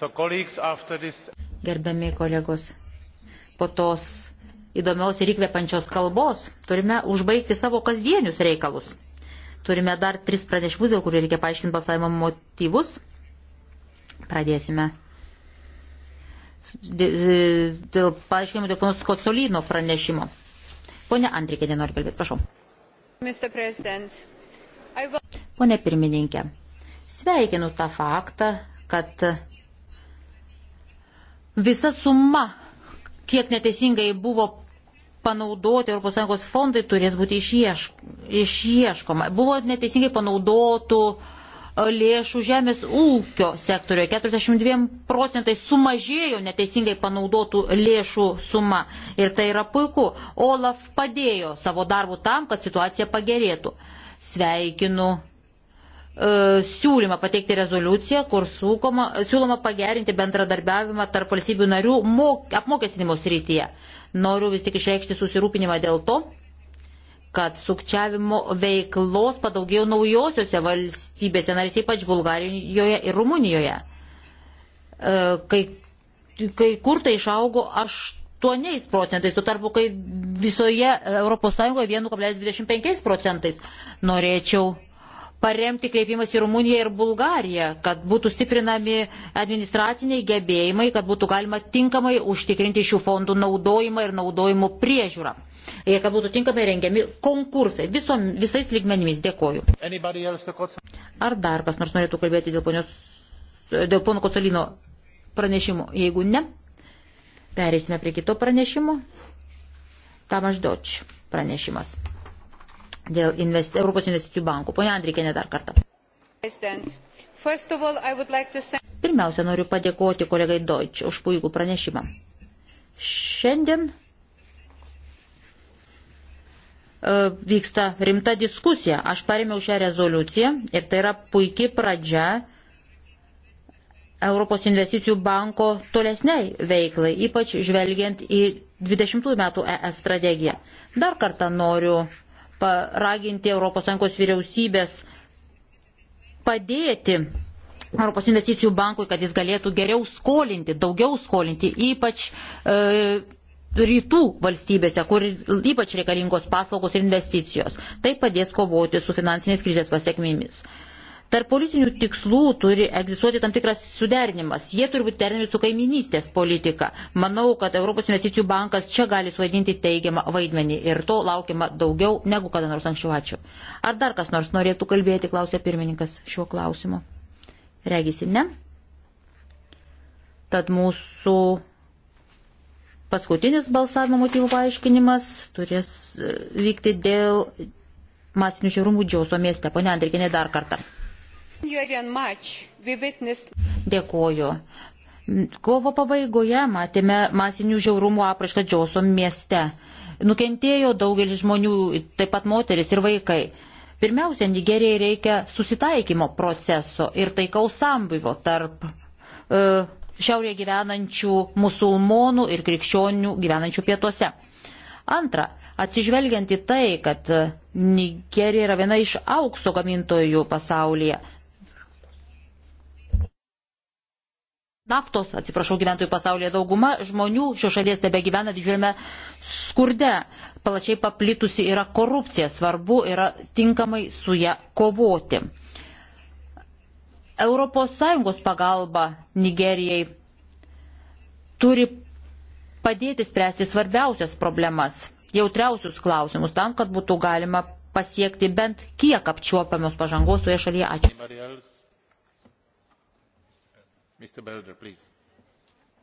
So this... Gerbiami kolegos, po tos įdomios ir įkvepiančios kalbos turime užbaigti savo kasdienius reikalus. Turime dar tris pranešimus, dėl kurių reikia paaiškinti balsavimo motyvus. Pradėsime. Dėl paaiškinimo dėl ponos Kocolino pranešimo. Pone Andrikė, nenori kalbėti, prašau. Pone pirmininkė, sveikinu tą faktą, kad Visa suma, kiek neteisingai buvo panaudoti ES fondai, turės būti išiešk, išieškoma. Buvo neteisingai panaudotų e, lėšų žemės ūkio sektoriuje. 42 procentai sumažėjo neteisingai panaudotų lėšų suma. Ir tai yra puiku. Olaf padėjo savo darbų tam, kad situacija pagerėtų. Sveikinu E, siūlymą pateikti rezoliuciją, kur sūkoma, siūloma pagerinti bendradarbiavimą tarp valstybių narių mok, apmokestinimo srityje. Noriu vis tik išreikšti susirūpinimą dėl to, kad sukčiavimo veiklos padaugėjo naujosiuose valstybėse, narys ypač Bulgarijoje ir Rumunijoje. E, kai, kai kur tai išaugo 8 procentais, tuo tarpu kai visoje ES 1,25 procentais. Norėčiau paremti kreipimas į Rumuniją ir Bulgariją, kad būtų stiprinami administraciniai gebėjimai, kad būtų galima tinkamai užtikrinti šių fondų naudojimą ir naudojimo priežiūrą. Ir kad būtų tinkamai rengiami konkursai visom, visais lygmenimis. Dėkoju. Ar dar kas nors norėtų kalbėti dėl, ponios, dėl pono Kocolino pranešimo? Jeigu ne, perėsime prie kito pranešimo. Tamaždoč pranešimas dėl invest... Europos investicijų bankų. Pone Andrikėne dar kartą. Pirmiausia, noriu padėkoti kolegai Deutsch už puikų pranešimą. Šiandien e, vyksta rimta diskusija. Aš paremiau šią rezoliuciją ir tai yra puikiai pradžia Europos investicijų banko tolesniai veiklai, ypač žvelgiant į 20 metų ES strategiją. Dar kartą noriu paraginti ES vyriausybės padėti Europos investicijų bankui, kad jis galėtų geriau skolinti, daugiau skolinti, ypač e, rytų valstybėse, kur ypač reikalingos paslaugos ir investicijos. Tai padės kovoti su finansinės krizės pasiekmėmis. Tarp politinių tikslų turi egzistuoti tam tikras suderinimas. Jie turi būti derinami su kaiminystės politika. Manau, kad Europos investicijų bankas čia gali suvaidinti teigiamą vaidmenį ir to laukiama daugiau negu kada nors anksčiau. Ačiū. Ar dar kas nors norėtų kalbėti, klausė pirmininkas šiuo klausimu. Regisi ne. Tad mūsų paskutinis balsavimo motyvų paaiškinimas turės e, vykti dėl masinių žiaurumų Džiauso mieste. Pone Andrikinė, dar kartą. Dėkoju. Kovo pabaigoje matėme masinių žiaurumų aprašką Džiausom mieste. Nukentėjo daugelis žmonių, taip pat moteris ir vaikai. Pirmiausia, Nigerijai reikia susitaikymo proceso ir taikaus sambuvo tarp e, šiaurėje gyvenančių musulmonų ir krikščionių gyvenančių pietuose. Antra, atsižvelgiant į tai, kad Nigerija yra viena iš aukso gamintojų pasaulyje, naftos, atsiprašau, gyventojų pasaulyje dauguma žmonių šios šalies tebe gyvena didžiuliame skurde. Plačiai paplitusi yra korupcija, svarbu yra tinkamai su ją kovoti. ES pagalba Nigerijai turi padėti spręsti svarbiausias problemas, jautriausius klausimus, tam, kad būtų galima pasiekti bent kiek apčiuopiamos pažangos toje šalyje. Ačiū. Mr. Belder, please.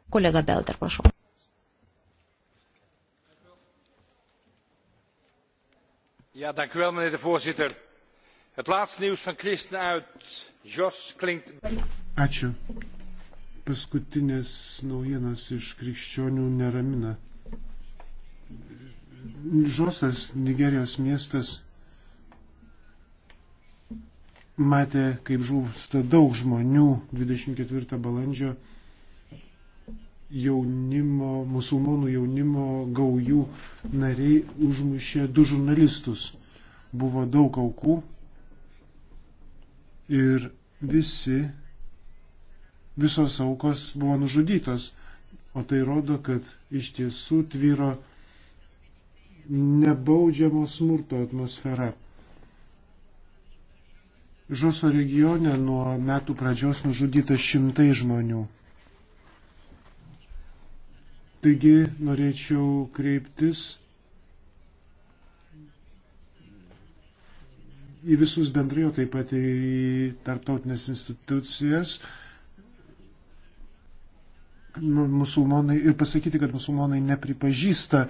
Kolega Belder, prašau. Ja, dank u wel, meneer de voorzitter. Het laatste nieuws van christenen uit Jos klinkt. Ačiū. Paskutinės naujienos iš krikščionių neramina. Žosas, Nigerijos miestas, matė, kaip žūsta daug žmonių 24 balandžio jaunimo, musulmonų jaunimo gaujų nariai užmušė du žurnalistus. Buvo daug aukų ir visi, visos aukos buvo nužudytos. O tai rodo, kad iš tiesų tvyro nebaudžiamo smurto atmosfera. Žoso regione nuo metų pradžios nužudyta šimtai žmonių. Taigi norėčiau kreiptis į visus bendrai, o taip pat ir į tarptautinės institucijas musulmonai ir pasakyti, kad musulmonai nepripažįsta e,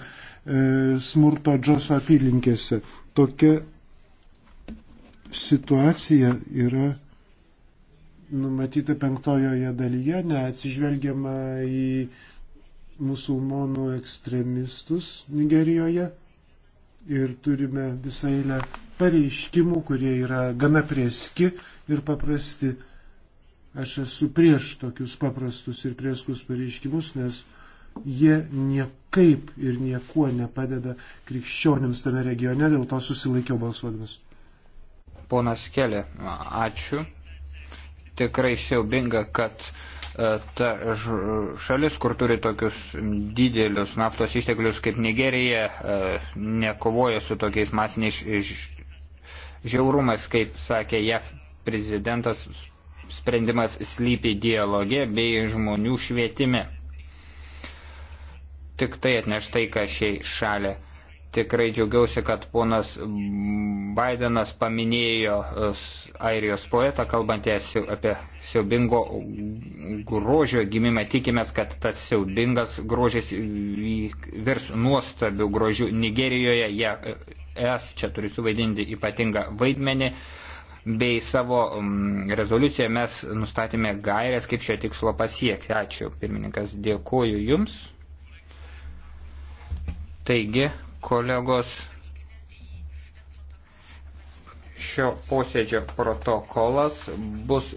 smurto džoso apylinkėse. Tokia situacija yra numatyta penktojoje dalyje, neatsižvelgiama į musulmonų ekstremistus Nigerijoje ir turime visą eilę pareiškimų, kurie yra gana prieski ir paprasti. Aš esu prieš tokius paprastus ir prieskus pareiškimus, nes jie niekaip ir niekuo nepadeda krikščionims tame regione, dėl to susilaikiau balsuodamas. Ponas Kelė, ačiū. Tikrai siaubinga, kad e, ta šalis, kur turi tokius didelius naftos išteklius kaip Nigerija, e, nekovoja su tokiais masiniais žiaurumais, kaip sakė JAF prezidentas, sprendimas slypi dialoge bei žmonių švietime. Tik tai atneš tai, ką šiai šaliai Tikrai džiaugiausi, kad ponas Bidenas paminėjo e, airijos poetą, kalbantį apie siaubingo grožio gimimą. Tikimės, kad tas siaubingas grožis virs nuostabių grožių Nigerijoje. Ja, e, es čia turi suvaidinti ypatingą vaidmenį bei savo rezoliuciją mes nustatėme gairias, kaip šio tikslo pasiekti. Ačiū, pirmininkas, dėkuoju Jums. Taigi, kolegos, šio posėdžio protokolas bus